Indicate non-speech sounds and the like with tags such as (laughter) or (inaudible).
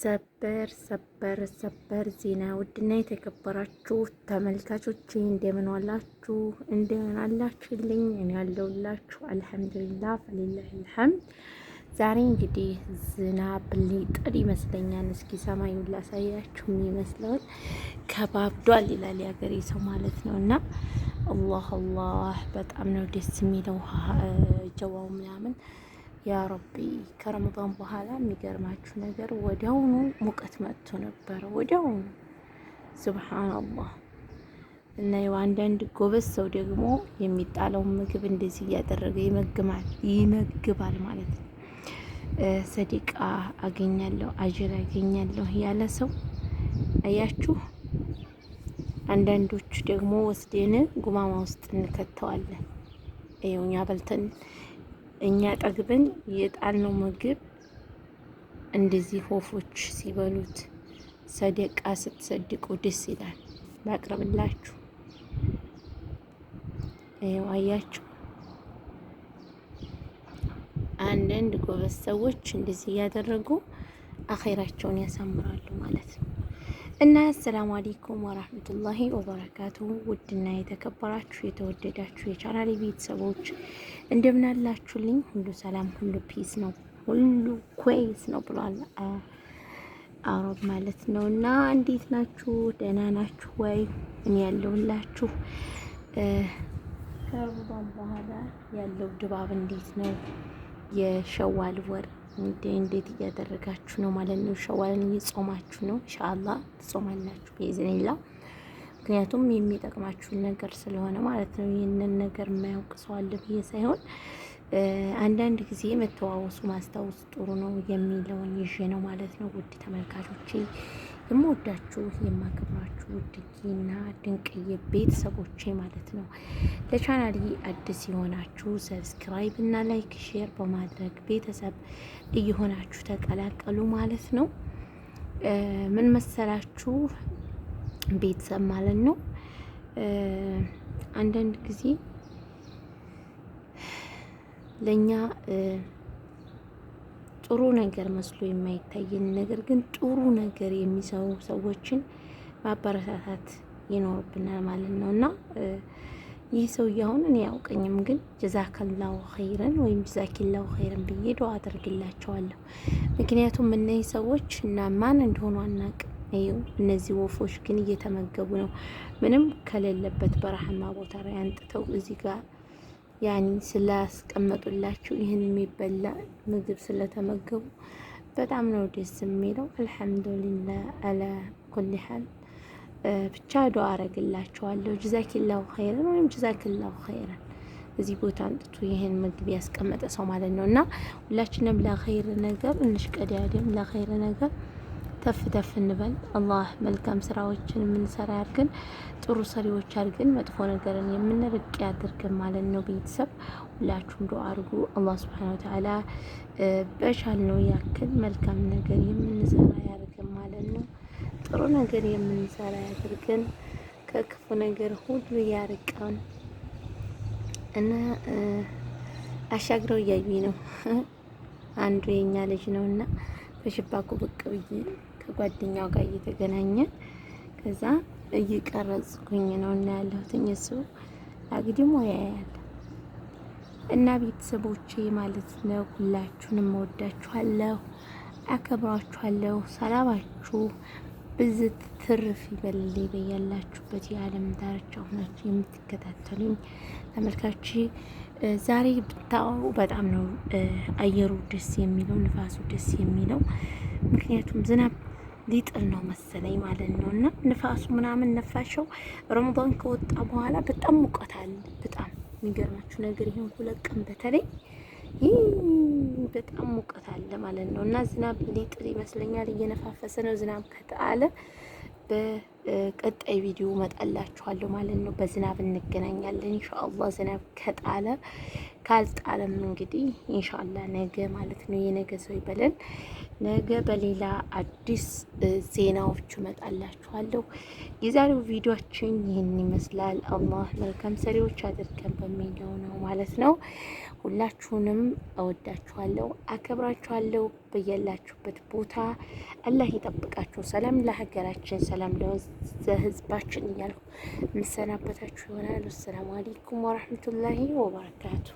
ሰበር ሰበር ሰበር ዜና ውድና የተከበራችሁ ተመልካቾች እንደምን ዋላችሁ? እንደምን አላችሁልኝ? እኔ ያለውላችሁ አልሐምዱሊላ ፈሊላህ ልሐምድ። ዛሬ እንግዲህ ዝናብ ሊጥል ይመስለኛል። እስኪ ሰማዩን ላሳያችሁ ይመስለዋል። ከባብዷል ይላል የሀገሬ ሰው ማለት ነው። እና አላህ አላህ በጣም ነው ደስ የሚለው ጀዋው ምናምን ያ ረቢ ከረመዳን በኋላ የሚገርማችሁ ነገር ወዲያውኑ ሙቀት መጥቶ ነበረ። ወዲያውኑ ስብሓንአላህ እና የው አንዳንድ ጎበዝ ሰው ደግሞ የሚጣለውን ምግብ እንደዚህ እያደረገ ይመግማል ይመግባል ማለት ነው። ሰዲቃ አገኛለሁ አጅር አገኛለሁ ያለ ሰው አያችሁ። አንዳንዶቹ ደግሞ ወስደን ጉማማ ውስጥ እንከተዋለን። ይኸው እኛ በልተን እኛ ጠግበን የጣልነው ምግብ እንደዚህ ወፎች ሲበሉት ሰደቃ ስትሰድቁ ደስ ይላል። ላቅርብላችሁ። ይኸው አያችሁ፣ አንዳንድ ጎበዝ ሰዎች እንደዚህ እያደረጉ አኼራቸውን ያሳምራሉ ማለት ነው። እና አሰላሙ አሌይኩም ወራህመቱላሂ ወበረካቱ። ውድና የተከበራችሁ የተወደዳችሁ የቻናሌ ቤተሰቦች እንደምናላችሁልኝ ሁሉ ሰላም፣ ሁሉ ፒስ ነው፣ ሁሉ ኩዌስ ነው ብሏል አሮብ ማለት ነው። እና እንዴት ናችሁ? ደህና ናችሁ ወይ? እኔ ያለሁላችሁ ከረመዳን በኋላ ያለው ድባብ እንዴት ነው? የሸዋል ወር እንዴት እያደረጋችሁ ነው ማለት ነው። ሸዋልን እየጾማችሁ ነው። ኢንሻአላህ ትጾማላችሁ በኢዝኒላ። ምክንያቱም የሚጠቅማችሁን ነገር ስለሆነ ማለት ነው። ይህንን ነገር የማያውቅ ሰው አለ ብዬ ሳይሆን አንዳንድ ጊዜ መተዋወሱ ማስታወስ ጥሩ ነው የሚለውን ይዤ ነው ማለት ነው። ውድ ተመልካቾቼ የምወዳችሁ የማከብራችሁ ድንቄና ድንቅዬ ቤተሰቦቼ ማለት ነው። ለቻናሌ አዲስ የሆናችሁ ሰብስክራይብ እና ላይክ፣ ሼር በማድረግ ቤተሰብ እየሆናችሁ ተቀላቀሉ ማለት ነው። ምን መሰላችሁ ቤተሰብ ማለት ነው። አንዳንድ ጊዜ ለእኛ ጥሩ ነገር መስሎ የማይታየን ነገር ግን ጥሩ ነገር የሚሰሩ ሰዎችን ማበረታታት ይኖርብናል ማለት ነው እና ይህ ሰውዬ አሁን እኔ ያውቀኝም ግን ጀዛከላሁ ኸይረን ወይም ጀዛኪላሁ ኸይረን ብዬ ዱዓ አደርግላቸዋለሁ። ምክንያቱም እነዚህ ሰዎች እና ማን እንደሆኑ አናቅም። እነዚህ ወፎች ግን እየተመገቡ ነው። ምንም ከሌለበት በረሃማ ቦታ ላይ አንጥተው እዚህ ጋር ያኒ ስላስቀመጡላችሁ ይህን የሚበላ ምግብ ስለተመገቡ በጣም ነው ደስ የሚለው። አልሐምዱሊላ አላ ኩል ሐል ብቻ ዱአ አረግላችኋለሁ። ጅዛኪላሁ ኸይረን ወይም ጅዛኪላሁ ኸይረን እዚህ ቦታ አንጥቶ ይህን ምግብ ያስቀመጠ ሰው ማለት ነው እና ሁላችንም ለኸይር ነገር እንሽቀዳደም ለኸይር ነገር ተፍ ተፍ እንበል። አላህ መልካም ስራዎችን የምንሰራ ያርግን፣ ጥሩ ሰሪዎች አድርገን፣ መጥፎ ነገርን የምንርቅ ያድርገን ማለት ነው። ቤተሰብ ሁላችሁም ዱዓ አድርጉ። አላህ ስብሐነ ወተዓላ በቻልነው ያክል መልካም ነገር የምንሰራ ያርግን ማለት ነው። ጥሩ ነገር የምንሰራ ያድርግን፣ ከክፉ ነገር ሁሉ ያርቀን እና አሻግረው እያዩ ነው። (laughs) አንዱ የኛ ልጅ ነው እና በሽባኩ ብቅ ብዬ ከጓደኛው ጋር እየተገናኘ ከዛ እየቀረጽኩኝ ነው እና ያለሁት እሱ አግድሞ ያያል እና ቤተሰቦቼ ማለት ነው። ሁላችሁንም እወዳችኋለሁ፣ አከብራችኋለሁ። ሰላማችሁ ብዝት ትርፍ ይበልልኝ በያላችሁበት የዓለም ዳርቻ ሆናችሁ የምትከታተሉኝ ተመልካች ዛሬ ብታወሩ በጣም ነው አየሩ ደስ የሚለው፣ ንፋሱ ደስ የሚለው። ምክንያቱም ዝናብ ሊጥል ነው መሰለኝ ማለት ነው እና ንፋሱ ምናምን ነፋሻው ረመዳን ከወጣ በኋላ በጣም ሙቀት አለ። በጣም የሚገርማችሁ ነገር ይሄን ሁለት ቀን በተለይ በጣም ሙቀት አለ ማለት ነው እና ዝናብ ሊጥል ይመስለኛል። እየነፋፈሰ ነው። ዝናብ ከተአለ በ ቀጣይ ቪዲዮ መጣላችኋለሁ ማለት ነው። በዝናብ እንገናኛለን ኢንሻአላህ። ዝናብ ከጣለ ካልጣለም እንግዲህ ኢንሻአላህ ነገ ማለት ነው የነገ ሰው ይበለን። ነገ በሌላ አዲስ ዜናዎች መጣላችኋለሁ። የዛሬው ቪዲዮችን ይህን ይመስላል። አላህ መልካም ሰሪዎች አድርገን በሚለው ነው ማለት ነው። ሁላችሁንም እወዳችኋለሁ፣ አከብራችኋለሁ። በያላችሁበት ቦታ አላህ ይጠብቃችሁ። ሰላም ለሀገራችን፣ ሰላም ለወዝ ለህዝባችን እያልኩ የምሰናበታችሁ ይሆናል። አሰላሙ አሌይኩም ወረህመቱላሂ ወበረካቱ።